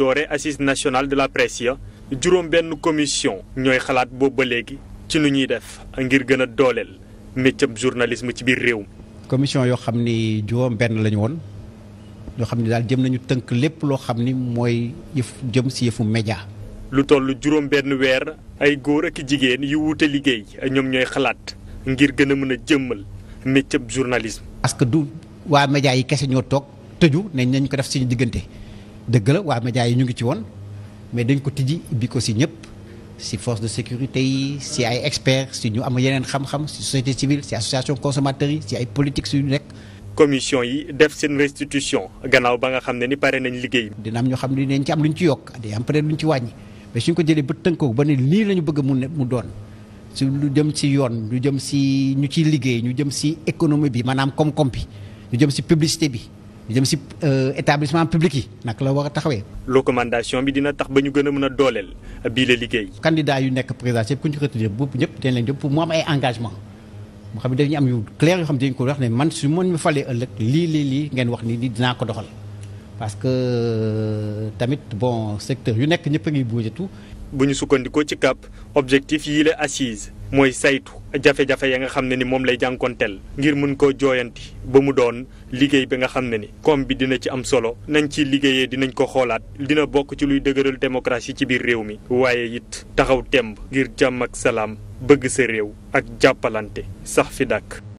doore assise national de la presse ya juróom benn commission ñooy xalaat boobu ba léegi ci nu ñuy def ngir gën a dooleel méccam journalisme ci biir réew commission yoo xam ni juróom benn lañu woon ñoo xam ni daal jëm nañu tënk lépp loo xam ni mooy yëf jëm si yëfu média lu toll juróom benn weer ay góor ak jigéen yu wuute liggéey ñoom ñooy xalaat ngir gën a mën a jëmmal méccam journalisme parce que du waa média yi kese ñoo toog tëju ne nañ ko def suñu diggante dëgg la waa médias yi ñu ngi ci woon mais dañ ko tijji bi ko si ñëpp si force de sécurité yi si ay experts si ñu am yeneen xam-xam si société civile si association consommateurs yi si ay politique suñu nekk. commission yi def seen restitution gannaaw ba nga xam ne ni pare nañ liggéey. dina am ñoo xam ne dinañ ci am luñ ci yokk day am peut-être ñu ci wàññi mais suñ ko jëlee ba tënkoo ba ne lii la ñu bëgg mu ne mu doon si lu jëm si yoon lu jëm si ñu ciy liggéey ñu jëm si économie bi maanaam koom bi ñu jëm si publicité bi. jëm si euh, établissement public yi naka la war a taxawee. recommandation bi dina tax ba ñu gën a mën a dooleel bii la liggéey. candidat yu nekk présidentiel ku ñu retenir ñëpp dañ leen jëm pour mu am ay engagement moo xam ne dañu am yu clair yoo xam ne dañu ko wax ne man su ma falee ëllëg lii lii lii ngeen wax nii nii dinaa ko doxal parce que euh, tamit bon secteur yu nekk ñëpp a ngi bougé tout. bu ñu sukkandikoo ci CAP objectif yii la assise mooy saytu. jafe-jafe ya nga xam ne ni moom lay jànkonteel ngir mun koo jooyanti ba mu doon liggéey bi nga xam ne ni koom bi dina ci am solo nañ ci liggéeyee dinañ ko xoolaat dina bokk ci luy dëgëral démocratie ci biir réew mi waaye it taxaw temb ngir jàmm ak salaam bëgg sa réew ak jàppalante sax fi dàq